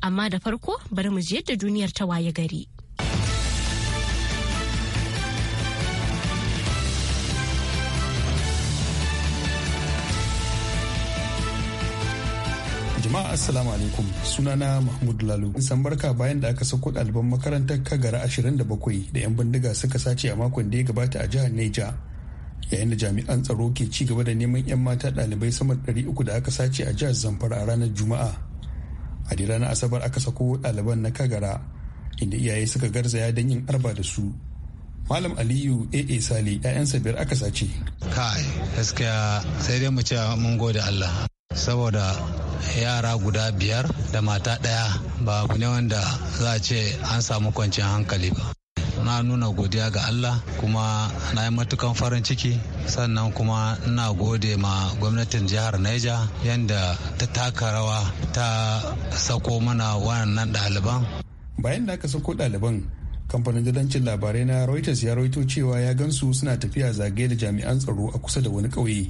amma da farko bari mu ji yadda duniyar ta waye gari. jama'a assalamu alaikum sunana mahmud lalu san barka bayan da aka sako ɗaliban makarantar kagara ashirin da bakwai da 'yan bindiga suka sace a makon da ya gabata a jihar neja yayin da jami'an tsaro ke ci gaba da neman 'yan mata ɗalibai sama uku da aka sace a jihar zamfara a ranar juma'a a na asabar aka sako ɗaliban na kagara inda iyaye suka garzaya don yin arba da su malam aliyu aa sale 'ya'yansa biyar aka sace kai gaskiya sai dai mu ce mun gode allah saboda yara guda biyar da mata ɗaya ba abu ne wanda za a ce an samu kwanciyar hankali ba na nuna godiya ga Allah kuma na yi matukan farin ciki sannan kuma na gode ma gwamnatin jihar niger yadda ta taka rawa ta sako mana wannan ɗaliban. Bayan da aka sako ɗaliban kamfanin dalancin labarai na Reuters ya rawaito cewa ya gansu suna tafiya zagaye da jami'an tsaro a kusa da wani ƙauye.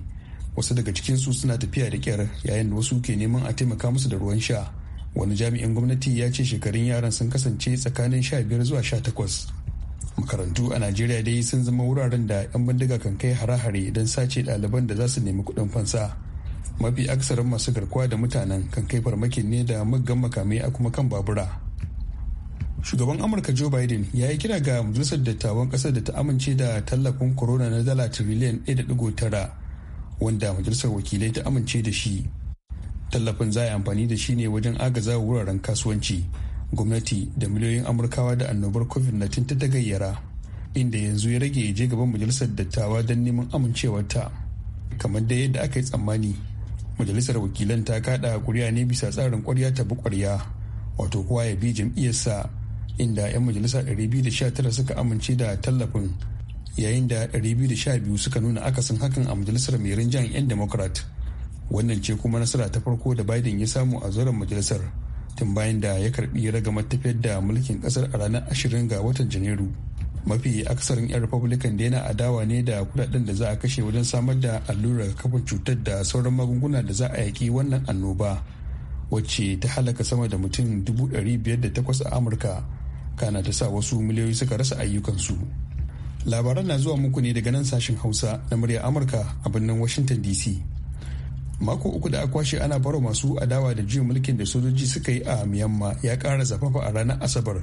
Wasu daga cikinsu suna tafiya da kyar yayin da wasu ke neman a taimaka musu da ruwan sha. Wani jami'in gwamnati ya ce shekarun yaran sun kasance tsakanin sha biyar zuwa sha takwas. makarantu a najeriya dai sun zama wuraren da 'yan bindiga kan kai hare-hare don sace ɗaliban da za su nemi kuɗin fansa mafi aksarin masu garkuwa da mutanen kan kai farmakin ne da muggan makamai a kuma kan babura shugaban amurka joe biden ya yi kira ga majalisar dattawan ƙasar da ta amince da tallafin corona na dala tiriliyan 1.9 wanda majalisar wakilai ta amince da shi tallafin za a amfani da shi ne wajen agaza wuraren kasuwanci gwamnati da miliyoyin amurkawa da annobar covid-19 ta dagayyara. inda yanzu ya rage je gaban majalisar dattawa don neman amincewarta kamar da yadda aka yi tsammani majalisar wakilan ta kada kuri'a ne bisa tsarin kwarya ta kwarya wato kuwa ya bi jam'iyyarsa inda 'yan majalisa 219 suka amince da tallafin yayin da 212 suka nuna akasin hakan a majalisar mai rinjan 'yan democrat wannan ce kuma nasara ta farko da biden ya samu a zuwan majalisar tun bayan da ya karbi ragamar tafiyar da mulkin kasar a ranar ashirin ga watan janairu mafi akasarin 'yan republican da yana adawa ne da kudaden da za a kashe wajen samar da allurar kafin cutar da sauran magunguna da za a yaki wannan annoba wacce ta halaka sama da mutum 508 a amurka kana ta sa wasu miliyoyi suka rasa ayyukansu labaran na zuwa muku ne daga nan sashen hausa na murya amurka a birnin washington dc mako uku da akwashe ana baro masu adawa da juyin mulkin da sojoji suka yi a myanmar ya kara zafafa a ranar asabar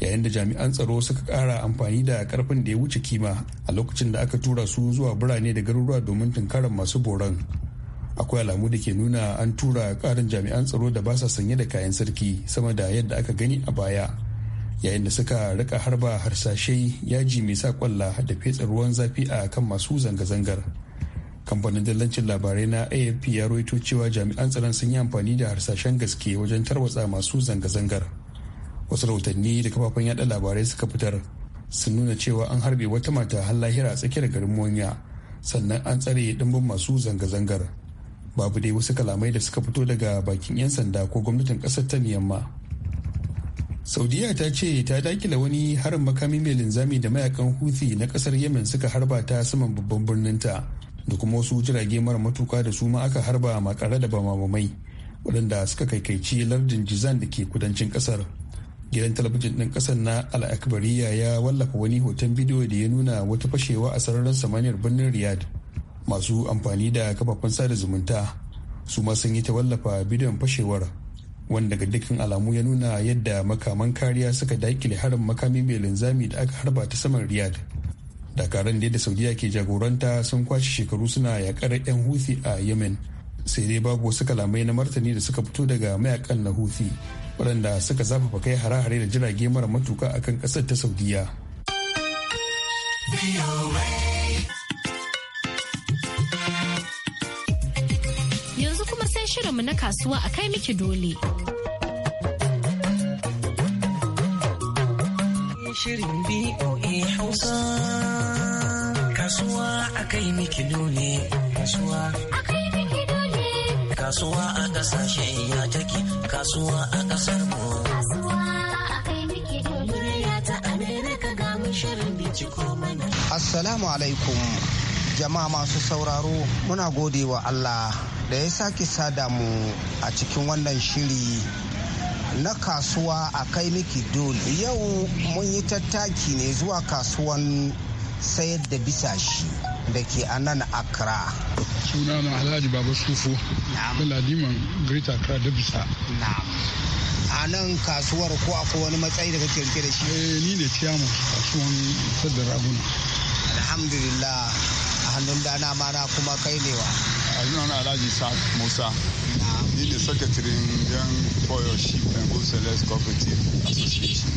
yayin da jami'an tsaro suka kara amfani da karfin da ya wuce kima a lokacin da aka tura su zuwa birane da garuruwa domin tunkarar masu boron akwai alamu da ke nuna an tura karin jami'an tsaro da ba sa sanye da kayan sarki sama da yadda aka gani a baya yayin da suka rika harba harsashe yaji mai sa kwalla da fetsa ruwan zafi a kan masu zanga-zangar kamfanin dillancin labarai na afp ya roito cewa jami'an tsaron sun yi amfani da harsashen gaske wajen tarwatsa masu zanga-zangar wasu rahotanni da kafafen yada labarai suka fitar sun nuna cewa an harbe wata mata har lahira a tsakiyar garin monya sannan an tsare dimbin masu zanga-zangar babu dai wasu kalamai da suka fito daga bakin 'yan sanda ko gwamnatin kasar ta miyamma saudiya ta ce ta dakila wani harin makami mai linzami da mayakan houthi na kasar yemen suka harba ta saman babban birninta ta da kuma wasu jirage mara matuka da su ma aka harba makare da bamamamai waɗanda suka kaikaici lardin jizan da ke kudancin ƙasar gidan talabijin ɗin ƙasar na al'akbariya ya wallafa wani hoton bidiyo da ya nuna wata fashewa a sararin samaniyar birnin riyad masu amfani da kafafen sada zumunta su ma sun yi ta wallafa bidiyon fashewar wanda ga dukkan alamu ya nuna yadda makaman kariya suka daƙile harin makami mai linzami da aka harba ta saman riyad. dakaran da saudiya ke jagoranta sun kwashe shekaru suna yakar 'yan huthi a yemen sai dai babu wasu kalamai na martani da suka fito daga mayakan na huthi waɗanda suka zafafa kai hare-hare da jirage mara matuka akan ƙasar ta saudiya yanzu kuma sai shirinmu na kasuwa a kai miki dole shirin BOA Hausa. Kasuwa a kai miki ne. Kasuwa Kasuwa a kasashen ya take. Kasuwa a kasar mu. Assalamu alaikum. Jama'a masu sauraro muna gode wa Allah da ya sake sada mu a cikin wannan shiri na kasuwa a kai miki dole yau mun yi tattaki ne zuwa kasuwan sayar da bisa shi da ke a nan Accra. Suna na Alhaji Baba Sufo, Ladiman greater Accra da bisa. A nan kasuwar ko akwai wani matsayi da kake rike da shi? Eh ni ne ciyaman kasuwan sadda raguna. Alhamdulillah a hannun dana na kuma kai ne wa. Alhaji Alhaji Sa'ad Musa. Ni ne sakatirin yan Boyo shi and celeste Cooperative Association.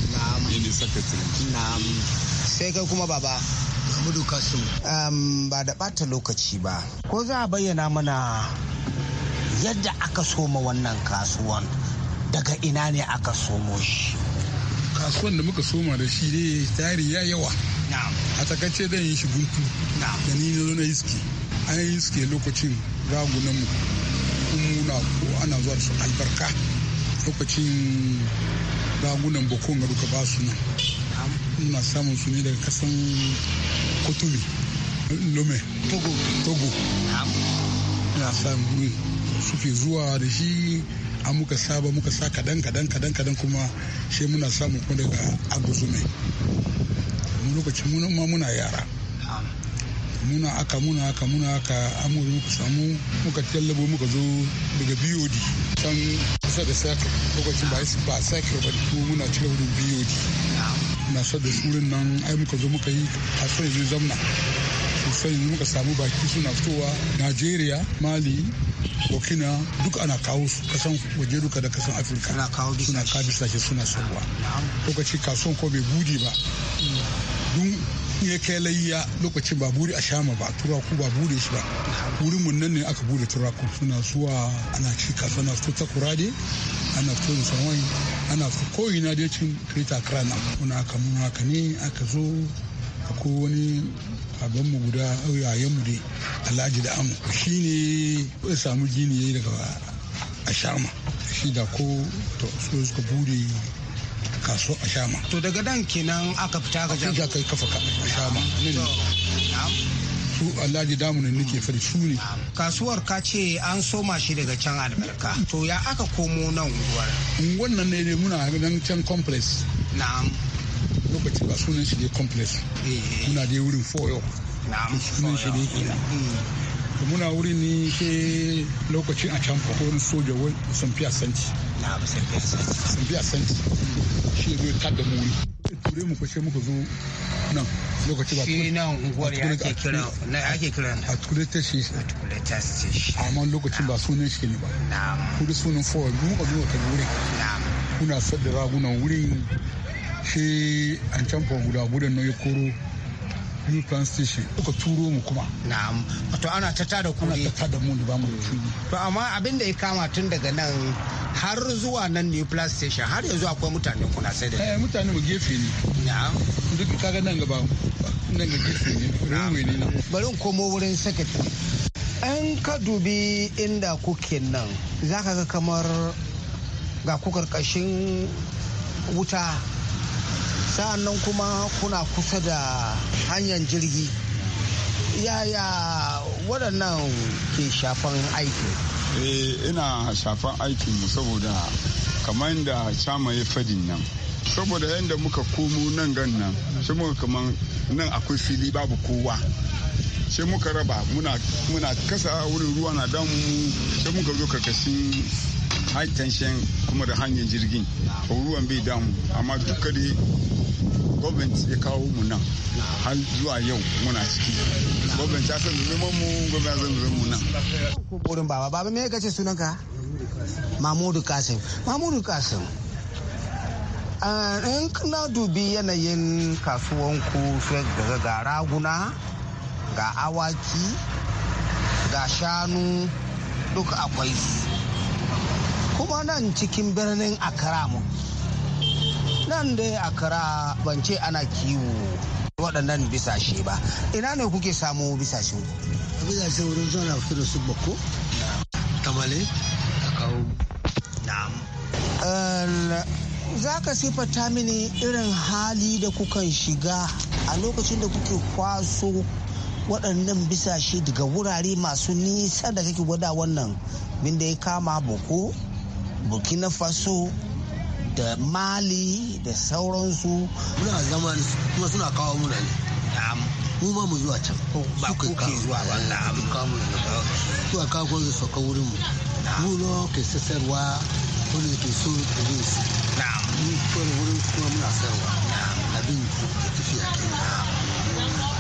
Ni ne sakatirin. sai kai kuma baba Mudu Kasim. Um, ba da bata lokaci ba. Ko za a bayyana mana yadda aka soma wannan kasuwan daga ina ne aka somo shi. Kasuwan da muka soma da shi ne tari ya yawa. A takaice dan yi shi guntu. Da ni na zo iske. An yi iske lokacin ragunan mu. Kuma ko ana zuwa su albarka. Lokacin ragunan bakon ga duka basu nan. ina samun su ne daga kasan kotumi lome togo togo ina samun suke zuwa da shi muka saba muka sa kadan kadan kadan kadan kuma shi muna samun kuma daga aguzume lokacin muna ma muna yara muna aka muna aka muna aka amuri muka samu muka tallabo muka zo daga bod can kusa da lokacin ba ba muna cikin bod masu da surin nan ai muka zo muka yi a sai zai zamna sosai muka samu baki suna fitowa nigeria mali burkina duk ana kawo su kasan waje duka da kasan afirka suna kawo bisashe suna sauwa lokaci kasuwan ko bai bude ba dun ya kai layya lokacin ba buri a shama ba turaku ba bude shi ba wurin mun nan ne aka bude turaku suna zuwa ana ci kasuwa na su ta kurade ana fito da sanwai ana fito ko'ina dai cin kreta krana muna aka mun haka ne aka zo ko wani mu guda yayan mu dai alhaji da amu shi ne ya samu gini yi daga ashama shi da ko to so suka bude kaso ashama to daga dan kenan aka fita ga jaka kafa ashama su alhaji damunan nake fari su ne kasuwar ka ce an soma shi daga can albarka to ya aka komo nan unguwar wannan ne ne muna nan can complex na'am lokaci ba sunan shi ne complex eh. muna dai wurin foyo oh. na'am sunan shi ne oh. kenan hmm. muna wurin ne ke lokacin a can wurin soja wani sanfiya santi na'am sanfiya santi santi. shi ne zo ya mu muri ture mu kwashe muka zo nan lokaci ba shi nan unguwar ya ake kira na ake kira a tukuleta shi a tukuleta shi amma ba sunan shi ne ba na'am sunan forward mu a zuwa kan wurin kuna sadda ragunan wurin shi an canfa guda gudan na ya koro Republican Station suka turo mu kuma. Na'am, wato ana ta tada kuɗi. Ana ta tada mu da mu da kuɗi. To amma abin da ya kama tun daga nan har zuwa nan New Plus Station har yanzu akwai mutane kuna sai da. Eh mutane mu gefe ne. Na'am. Duk kaga nan gaba nan ga gefe ne. Runway ne nan. Bari in komo wurin secretary. An ka dubi inda kuke nan za ka ga kamar ga ku karkashin wuta sa'an nan kuma kuna kusa da hanyar jirgi yaya waɗannan ke shafan aiki eh ina shafan aikinmu saboda kamar yadda cama ya fadin nan saboda yadda muka komo nan gan nan shi muka kamar nan akwai fili babu kowa shi muka raba muna kasa wurin ruwa na damu shi muka zo karkashin high tension kuma da hanyar jirgin ruwan bai damu amma duka da gwamnati ya kawo mu nan har zuwa yau muna ciki gwamnati ya san zaman mu gwamnati ya san mu nan burin baba baba me mamudu kasim mamudu kasim eh, in kana dubi yanayin kasuwanku daga ga raguna ga awaki ga shanu duk akwai su kuma nan cikin birnin Accra mu. Nan dai Accra ban ce ana kiwo waɗannan bisashe ba. Ina ne kuke samu bisashen A Bisashe wurin zuwa na fito su bako, tamale, kawo. Na'am. Eh, za ka siffata mini irin hali da kukan shiga a lokacin da kuke kwaso waɗannan bisashe daga wurare masu nisa da kake gwada wannan binda ya kama boko burkina faso da mali da sauransu muna zama kuma suna kawo muna ne mu ma mu zuwa can oh, ba ku ke zuwa ba na abu kawo mu da ba zuwa kawo ko su ka wurin mu mu no ke sasarwa ne ke so da zai su na mu ko wurin kuma muna sarwa abin da tafiya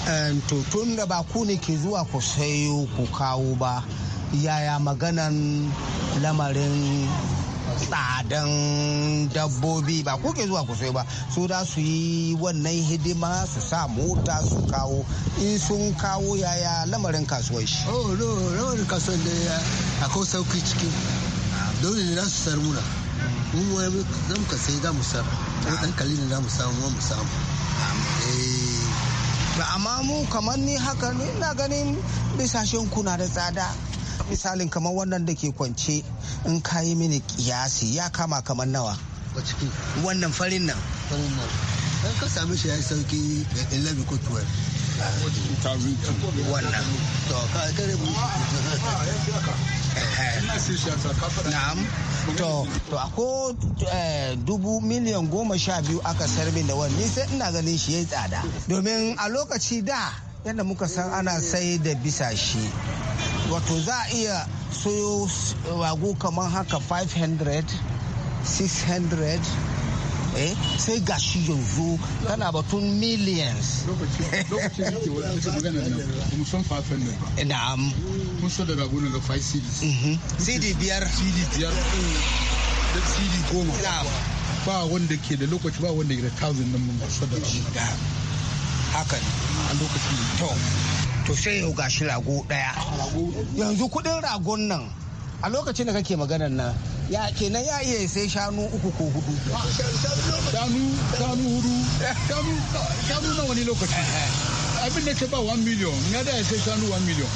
kenan to tun da ba ku ne ke zuwa ku sayo ku kawo ba yaya maganan lamarin tsadan dabbobi ba ko ke zuwa ku sai ba su da su yi wannan hidima su sa mota su kawo in sun kawo yaya lamarin kasuwar shi. oh no lamarin kasuwar da ya akwai sauki ciki dole ne za su sar muna mun wani zan ka sai za mu sar ɗan ne za mu samu mu samu. Eh. amma mu kamar ni haka ina ganin bisashen kuna da tsada misalin kamar wannan da ke kwance in ka yi mini kiyasi ya kama kamar nawa wannan farin nan farin nan an ka sami shi ya sauki 11 ko 12 wannan to ka kare mu eh, eh. Na'am. To, a ko eh, dubu miliyan goma sha biyu aka sarmi da wani sai ina ganin shi ya yi tsada. Domin a lokaci da yadda muka san ana sai da bisa shi wato za a iya soyo rago kamar haka 500 600 eh sai gashi yanzu tana batun millions lokacin da ke da 5 cd mhm. biyar cd biyar da cd goma ba wanda ke da lokaci ba wanda ke da thousand nan mun da haka ne a lokacin to sai yau gashi rago daya yanzu kudin ragon nan a lokacin da kake maganar nan ya kenan ya iya sai shanu uku ko hudu shanu shanu hudu shanu shanu na wani lokaci eh, eh. abin da ke ba 1 million ya da ya sai shanu 1 million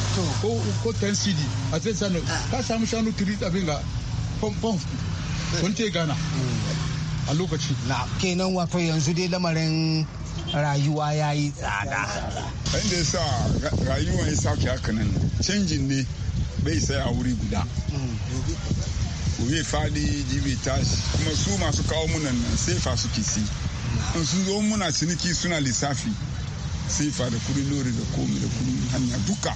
ko ko 10 cd a sai shanu ah. ka samu shanu 3 abin ga pom pom kun eh. te gana hmm. a lokaci na kenan wato yanzu dai lamarin rayuwa ya yi tsada inda ya sa rayuwa ya sake haka nan canjin ne bai sai a wuri guda gobe mm. fadi jibi tashi kuma su masu kawo munan nan sefa su si in sun zo muna ciniki suna lissafi sefa da kudin lori da komi da kudin hanya duka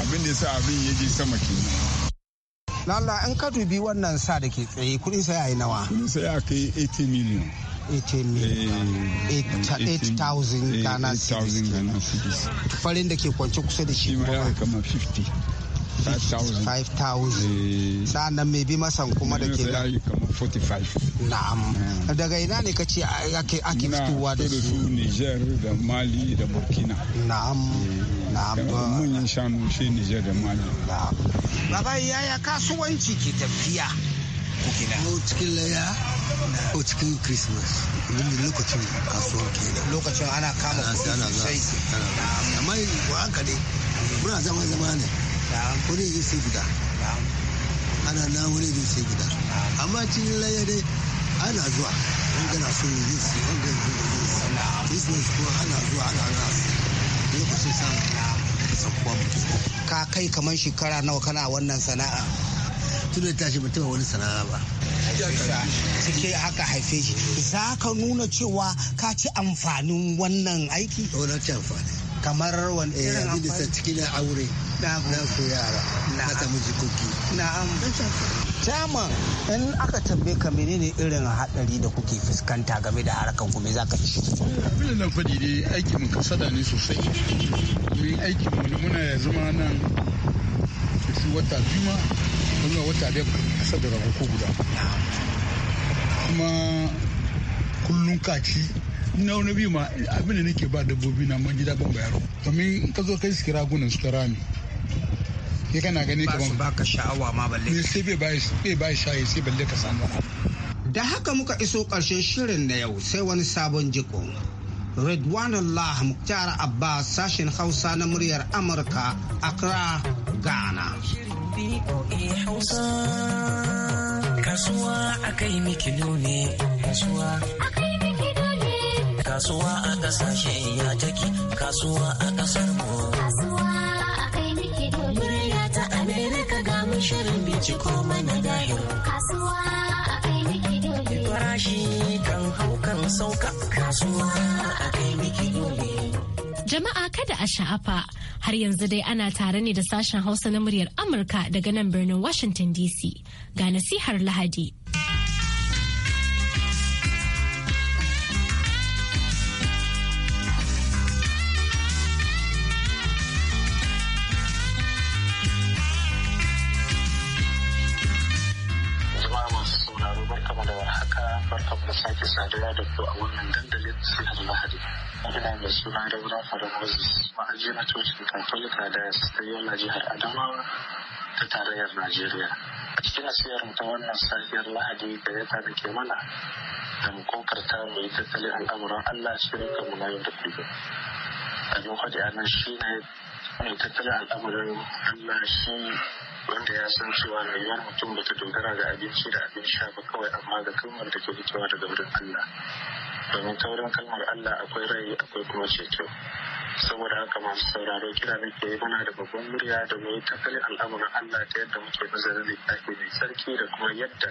abin da ya sa abin ya je sama ke lalla an ka dubi wannan sa da ke tsaye kudin ya yi nawa kudin saya kai 80 million 8,000 eh, eh, Ghana cedis. Farin da ke kwance kusa da shi kuma 5,000 eh. sa'annan mai bi masan kuma da ke na'am daga ina ne kace ake ake fitowa da su Niger da Mali da Burkina na'am na'am munyan shanu shi Niger da Mali na'am baba yaya kasuwanci ke tafiya cikin laya ko cikin christmas wani lokacin kasuwar da lokacin ana kama Ana sosai amma wa haka ne muna zama zama ne wani yi sai guda ana na wani zai sai guda amma cikin laye dai ana zuwa wani gana so yi zai sai wani gana so yi christmas ko ana zuwa ana na lokacin sa sakuwa mutum ka kai kamar shekara nawa kana wannan sana'a tun da tashi mutum wani sana'a ba suke haka haife shi za ka nuna cewa ka ci amfanin wannan aiki? Wani ci amfani. Kamar wani irin amfani? Bisa na aure na yara na samu jikoki. Na'am. Jama in aka tambaye ka menene irin hadari da kuke fuskanta game da harkan ku me za ka ci? Abin da faɗi dai aikin mu kasada ne sosai. Mun aikin mu muna ya zama nan wata biyu ma, wata biyar ƙasa da rago guda kuma kullum kaci na wani biyu ma abin da nake ba dabbobi na man gida ban bayaro domin ka zo kai suke ragunan suka rami ya kana gani kaman ba ka sha'awa ma balle ne sai bai bai bai bai shayi sai balle ka samu da haka muka iso karshen shirin na yau sai wani sabon jiko Redwanullah Muktar Abbas sashen Hausa na muryar Amurka Accra Ghana VOA Hausa. Kasuwa a kai ne. Kasuwa a kai mikilo Kasuwa a kasashe ya take. Kasuwa a kasar mu. Kasuwa a kai mikilo Murya ta Amerika ga mun shirin binciko mana dayo. Kasuwa a kai mikilo ne. Farashi kan hau kan sauka. Kasuwa a kai mikilo Jama'a kada a sha'afa har yanzu dai ana tare ne da sashen Hausa na muryar Amurka daga nan birnin Washington DC ga nasihar Lahadi. barkamu da warhaka barkamu da sake saduwa da ku a wannan dandalin sihar lahadi Yana mai suna da wurin Fada Moses, ma'aji na cocin Katolika da ta jihar Adamawa ta tarayyar Najeriya. A cikin asiyar ta wannan safiyar Lahadi da ya tada ke mana da mu kokarta mu yi tattalin al'amuran Allah shirin kanmu na yau da kullum. Abin kwaɗi a nan shi ne mai tattalin al'amuran Allah shi wanda ya san cewa rayuwar mutum ba ta dogara ga abinci da abin sha ba kawai amma ga kalmar da ke fitowa daga wurin Allah. domin taurin kalmar Allah akwai rai akwai kuma ceto saboda haka masu sauraro kira da ke muna da babban murya da mu takalin al'amuran Allah ta yadda muke nazarin littafi mai sarki da kuma yadda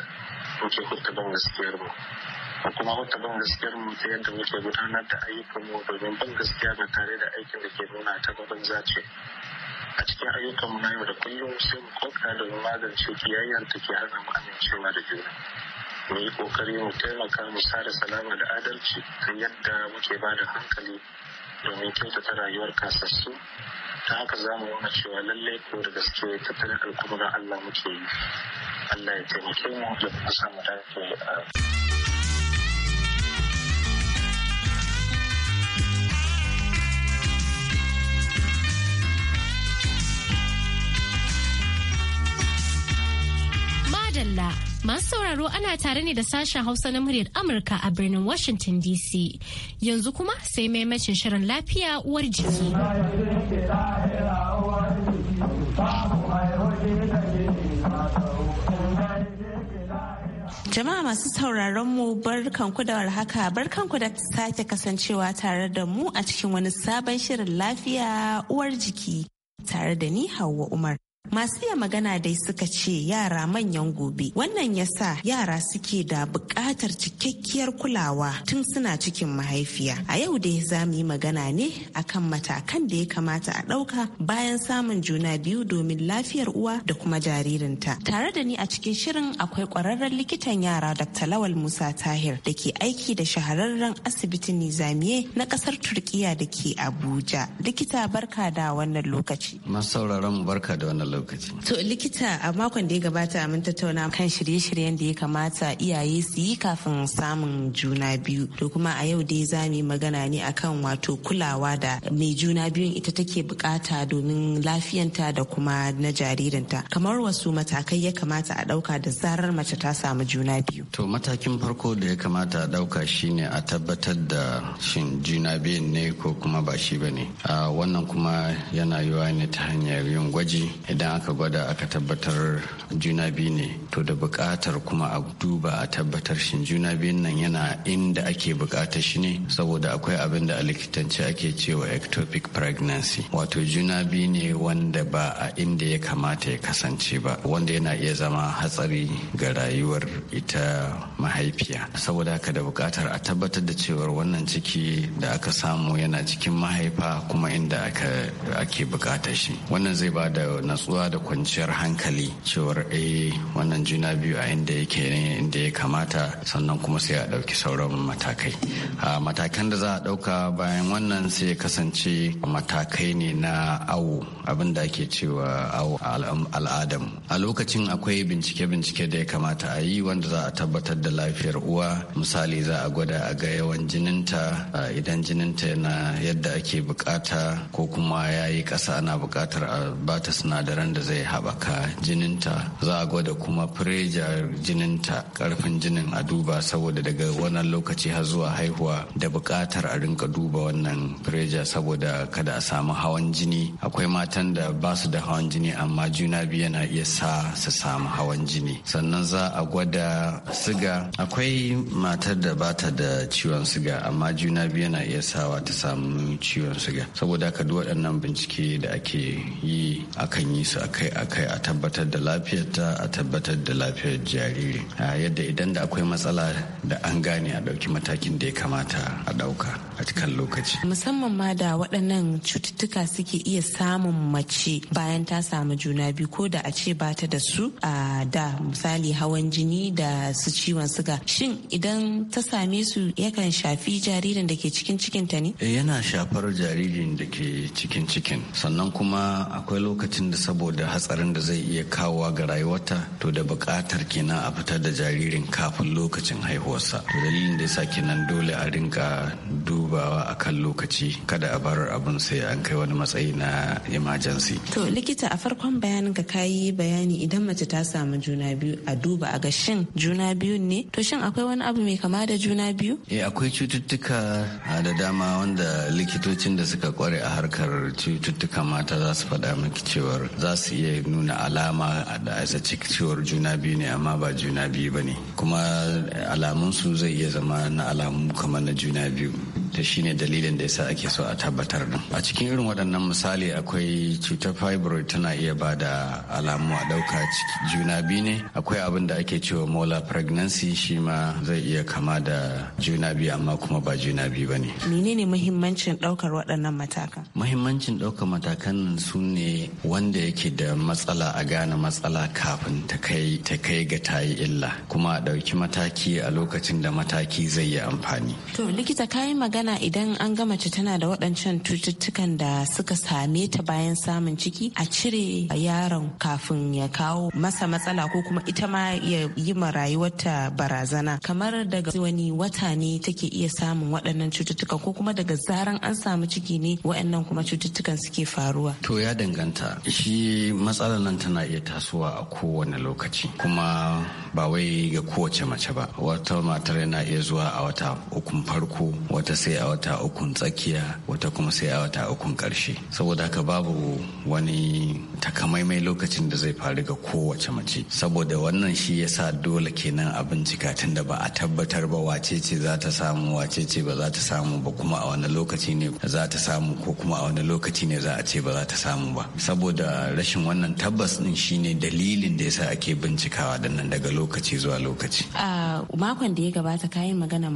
muke hurtaban gaskiyar mu da kuma hurtaban gaskiyar mu ta yadda muke gudanar da ayyukan mu domin ban gaskiya ba tare da aikin da ke nuna ta gaban zace a cikin ayyukan mu na yau da kullum sai mu koka mu magance kiyayyar ta ke hana mu amincewa da juna mu yi kokari mu taimaka mu sada salama da adalci kan yadda muke ba da hankali domin kyautata rayuwar kasassu ta haka za mu nuna cewa lallai ko da gaske tattalin alkuma ga Allah muke yi Allah ya taimake mu da kuma samu dace a Masu sauraro ana tare ne da sashen Hausa na muryar Amurka a birnin Washington DC. Yanzu kuma sai maimacin shirin lafiya uwar jiki. Jama'a masu sauraron mu barkanku da warhaka barkanku da sake kasancewa tare da mu a cikin wani sabon shirin lafiya uwar jiki tare da ni Hauwa Umar. Masu iya magana dai suka ce yara manyan gobe. Wannan ya sa yara suke da buƙatar cikakkiyar kulawa tun suna cikin mahaifiya. A yau dai za mu yi magana ne akan matakan da ya kamata a ɗauka bayan samun juna biyu domin lafiyar uwa da kuma jaririnta. Tare da ni a cikin shirin akwai ƙwararren likitan yara Dr. Lawal Musa Tahir da ke aiki da shahararren asibitin Nizamiye na ƙasar Turkiya da ke Abuja. Likita barka da wannan lokaci. Masu sauraron barka da wannan lokaci. To likita a makon da ya gabata mun tattauna kan shirye-shiryen da ya kamata iyaye su yi kafin samun juna biyu. To kuma a yau dai za mu yi magana ne akan wato kulawa da mai juna biyun ita take bukata domin lafiyanta da kuma na jaririnta. Kamar wasu matakai ya kamata a dauka da zarar mace ta samu juna biyu. To matakin farko da ya kamata a ɗauka shine a tabbatar da shin juna biyun ne ko kuma ba shi ba ne. Wannan kuma yana yiwuwa ne ta hanyar yin gwaji idan idan aka gwada aka tabbatar juna biyu ne to da buƙatar kuma a duba a tabbatar shin juna biyun nan yana inda ake buƙatar shi ne saboda akwai abin da a likitance ake cewa ectopic pregnancy wato juna biyu ne wanda ba a inda ya kamata ya kasance ba wanda yana iya zama hatsari ga rayuwar ita mahaifiya saboda haka da buƙatar a tabbatar da cewar wannan ciki da aka samu yana cikin mahaifa kuma inda ake buƙatar shi wannan zai ba da natsu. nutsuwa da kwanciyar hankali cewar eh wannan juna biyu a inda yake ne inda ya kamata sannan kuma sai a ɗauki sauran matakai a matakan da za a ɗauka bayan wannan sai ya kasance matakai ne na awo abin da ake cewa awo al'adam a lokacin akwai bincike-bincike da ya kamata a yi wanda za a tabbatar da lafiyar uwa misali za a gwada a ga yawan jininta idan jininta yana yadda ake bukata ko kuma ya yi ƙasa ana bukatar a bata sinadaran sinadaran da zai haɓaka jininta za a gwada kuma firejar jininta karfin jinin a duba saboda daga wannan lokaci har zuwa haihuwa da buƙatar a rinka duba wannan fireja saboda kada a samu hawan jini akwai matan da ba su da hawan jini amma juna biyu yana iya sa su samu hawan jini sannan za a gwada siga akwai matar da ba ta da ciwon siga amma juna biyu yana iya sawa ta samu ciwon siga saboda haka duk waɗannan bincike da ake yi akan yi su akai akai a tabbatar da lafiyarta a tabbatar da lafiyar jariri yadda idan da akwai matsala da an gane a ɗauki matakin da ya kamata a ɗauka a cikin lokaci. Musamman ma da waɗannan cututtuka suke iya samun mace bayan ta samu juna biyu ko da a ce ba ta da su a da misali hawan jini da su ciwon suga. Shin idan ta same su yakan shafi jaririn da ke cikin cikin ta ne? Eh, yana shafar jaririn da ke cikin cikin. Sannan kuma akwai lokacin da saboda hatsarin da zai iya kawowa ga rayuwarta to da buƙatar kenan a fitar da jaririn kafin lokacin haihuwarsa. dalilin da ya yasa kenan dole a rinka duba dubawa a kan lokaci kada a bar abun sai an kai wani matsayi na emergency. To likita a farkon bayanin ka kayi bayani idan mace ta samu juna biyu a duba a ga shin juna biyu ne to shin akwai wani abu mai kama da juna biyu? Eh akwai cututtuka ah, da dama wanda likitocin da suka kware a harkar cututtuka mata za su faɗa miki cewar za su iya nuna alama da a cewar juna biyu ne amma ba juna biyu ba ne kuma alamunsu zai iya zama na alamu kamar na juna biyu ta shine dalilin da yasa ake so a tabbatar din a cikin irin waɗannan misali akwai cutar fibroid tana iya ba da alamu a ɗauka juna biyu ne akwai abin da ake cewa molar pregnancy shi ma zai iya kama da juna biyu amma kuma ba juna biyu ba ne menene muhimmancin ɗaukar waɗannan matakan muhimmancin ɗaukar matakan su ne wanda yake da matsala a gane matsala kafin ta kai ta kai ga tayi illa kuma a ɗauki mataki a lokacin da mataki zai yi amfani to likita kayan magana magana idan an ga mace tana da waɗancan cututtukan da suka same ta bayan samun ciki a cire yaron kafin ya kawo masa matsala ko kuma ita ma ya yi ma rayuwarta barazana kamar daga wani wata ne take iya samun waɗannan cututtukan ko kuma daga zaran an samu ciki ne waɗannan kuma cututtukan suke faruwa to ya danganta shi matsalar nan tana iya tasowa a kowane lokaci kuma ba wai ga kowace mace ba wata matar yana iya zuwa a wata ukun farko wata sai sai a wata ukun tsakiya wata kuma sai a wata ukun karshe saboda haka babu wani takamaimai lokacin da zai faru ga kowace mace saboda wannan shi ya sa dole kenan a bincika tun da ba a tabbatar ba wace ce za ta samu wace ce ba za ta samu ba kuma a wani lokaci ne za ta samu ko kuma a wani lokaci ne za a ce ba za ta samu ba saboda rashin wannan tabbas din ne dalilin da ya yasa ake bincikawa da nan daga lokaci zuwa lokaci a makon da ya gabata kayan magana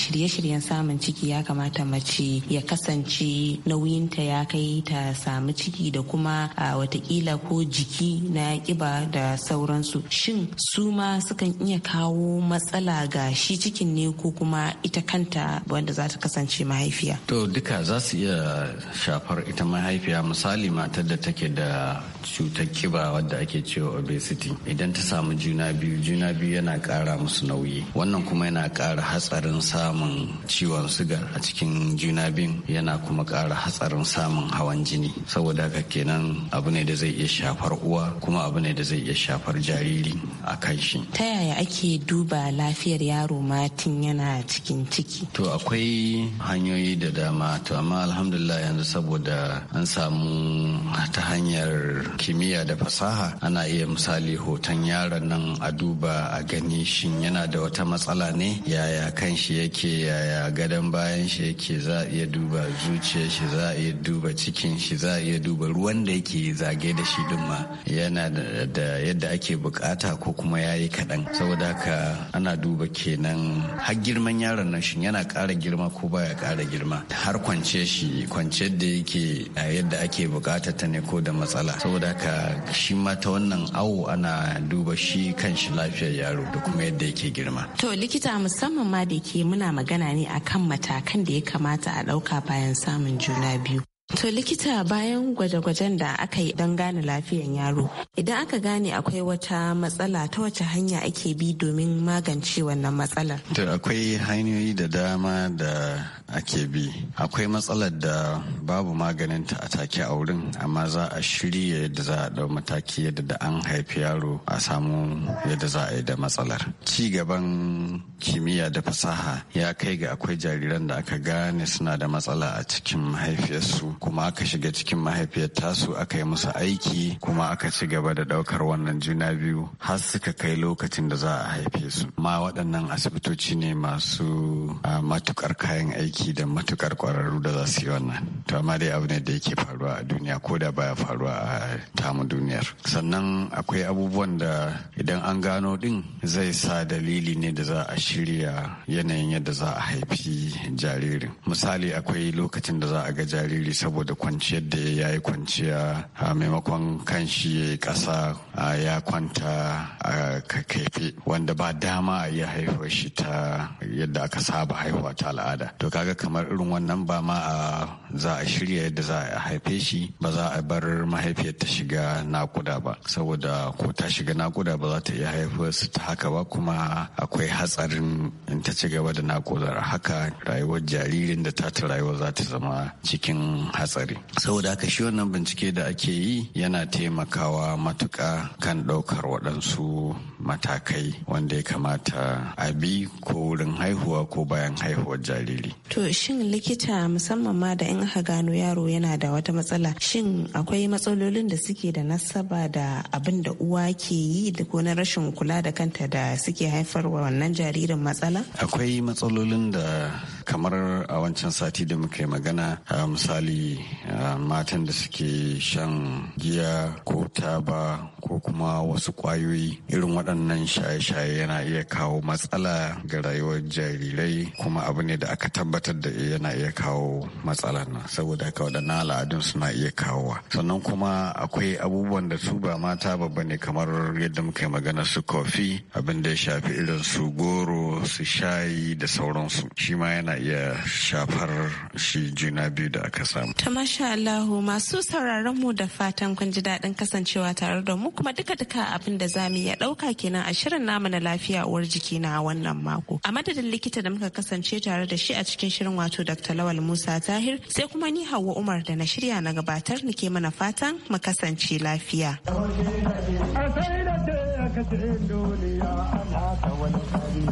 shirye-shiryen samun ciki ya kamata mace ya kasance nauyinta ya kai ta samu ciki da kuma a watakila ko jiki na kiba da sauransu shin su ma sukan iya kawo matsala ga shi cikin ne ko kuma ita kanta wanda za ta kasance mahaifiya to duka za su iya shafar ita mahaifiya misali matar da take da cutar kiba wadda ake cewa obesity idan ta samu juna biyu juna biyu yana kara musu nauyi wannan kuma yana kara hatsarin samun ciwon suga a cikin juna biyun yana kuma ƙara hatsarin samun hawan jini saboda haka kenan abu ne da zai iya shafar uwa kuma abu ne da zai iya shafar jariri a kan shi ta yaya ake duba lafiyar yaro matin yana cikin ciki to akwai hanyoyi da dama to amma alhamdulillah yanzu saboda an samu ta hanyar kimiyya da fasaha ana iya misali hoton yaron nan a duba a gani shin yana da wata matsala ne yaya kan shi yake yaya gadon ba bayan shi yake za a iya duba zuciyar shi za a iya duba cikin shi za a iya duba ruwan da yake zage da shi din ma yana da yadda ake bukata ko kuma ya yi kaɗan saboda haka ana duba kenan har girman yaron nan shi yana ƙara girma ko baya ƙara girma har kwance shi kwance da yake yadda ake bukata ta ne ko da matsala saboda haka shi ma ta wannan awo ana duba shi kan shi lafiyar yaro da kuma yadda yake girma to likita musamman ma da ke muna magana ne akan mata matakan da ya kamata a ɗauka bayan samun juna biyu To likita bayan gwaje-gwajen da aka yi don gane lafiyan yaro, idan aka gane akwai wata matsala ta wace hanya ake bi domin magance wannan matsalar? To akwai hanyoyi da dama da ake bi. Akwai matsalar da babu maganin ta a take a wurin, amma za a shirya yadda za a dau mataki yadda da an haifi yaro a samu yadda za a yi da matsalar. Ci gaban kimiyya da fasaha ya kai ga akwai jariran da aka gane suna da matsala a cikin mahaifiyarsu kuma aka shiga cikin mahaifiyar tasu aka yi musu aiki kuma aka ci gaba da daukar wannan juna biyu har suka kai lokacin da za a haife su ma waɗannan asibitoci ne masu matukar kayan aiki da matukar kwararru da za su yi wannan to amma dai abu ne da yake faruwa a duniya ko da baya faruwa a tamu duniyar sannan akwai abubuwan da idan an gano din zai sa dalili ne da za a shirya yanayin yadda za a haifi jaririn misali akwai lokacin da za a ga jariri saboda kwanciyar da ya yi kwanciya a maimakon kan shi ya yi ƙasa ya kwanta a kakaife wanda ba dama a yi haihuwar shi ta yadda aka saba haihuwa ta al'ada to kaga kamar irin wannan ba ma a za a shirya yadda za a haife shi ba za a bar mahaifiyar ta shiga nakuda ba saboda ko ta shiga nakuda ba za ta iya haifar su ta haka ba kuma akwai hatsarin in ta ci gaba da nakudar haka rayuwar jaririn da ta ta rayuwa za ta zama cikin hatsari saboda haka shi wannan bincike da ake yi yana taimakawa matuka kan ɗaukar waɗansu matakai wanda ya kamata a bi ko wurin haihuwa ko bayan haihuwar jariri to shin likita musamman ma da in aka gano yaro yana da wata matsala shin akwai matsalolin da suke da nasaba da abin da uwa ke yi da ko na rashin kula da kanta da suke haifarwa wannan jaririn matsala akwai matsalolin da kamar a wancan sati da muka yi magana a misali matan da suke shan giya ko taba ko kuma wasu kwayoyi irin waɗannan shaye-shaye yana iya kawo matsala ga rayuwar jarirai kuma abu ne da aka tabbatar da yana iya kawo matsala nan saboda haka waɗannan al'adun suna iya kawowa sannan kuma akwai abubuwan da su ba mata babba ne kamar yadda muka yi magana su kofi abin da ya shafi irin su goro su shayi da sauransu shi ma yana iya shafar shi juna biyu da aka samu Ta masha Allahu masu sauraron mu da fatan kun ji daɗin kasancewa tare da mu kuma duka duka abin da zamu iya ɗauka kenan a shirin namu na lafiya uwar jiki na wannan mako. A madadin likita da muka kasance tare da shi a cikin shirin wato Dr. Lawal Musa Tahir sai kuma ni Hauwa Umar da na shirya na gabatar nake mana fatan mu kasance lafiya. duniya ana ta wani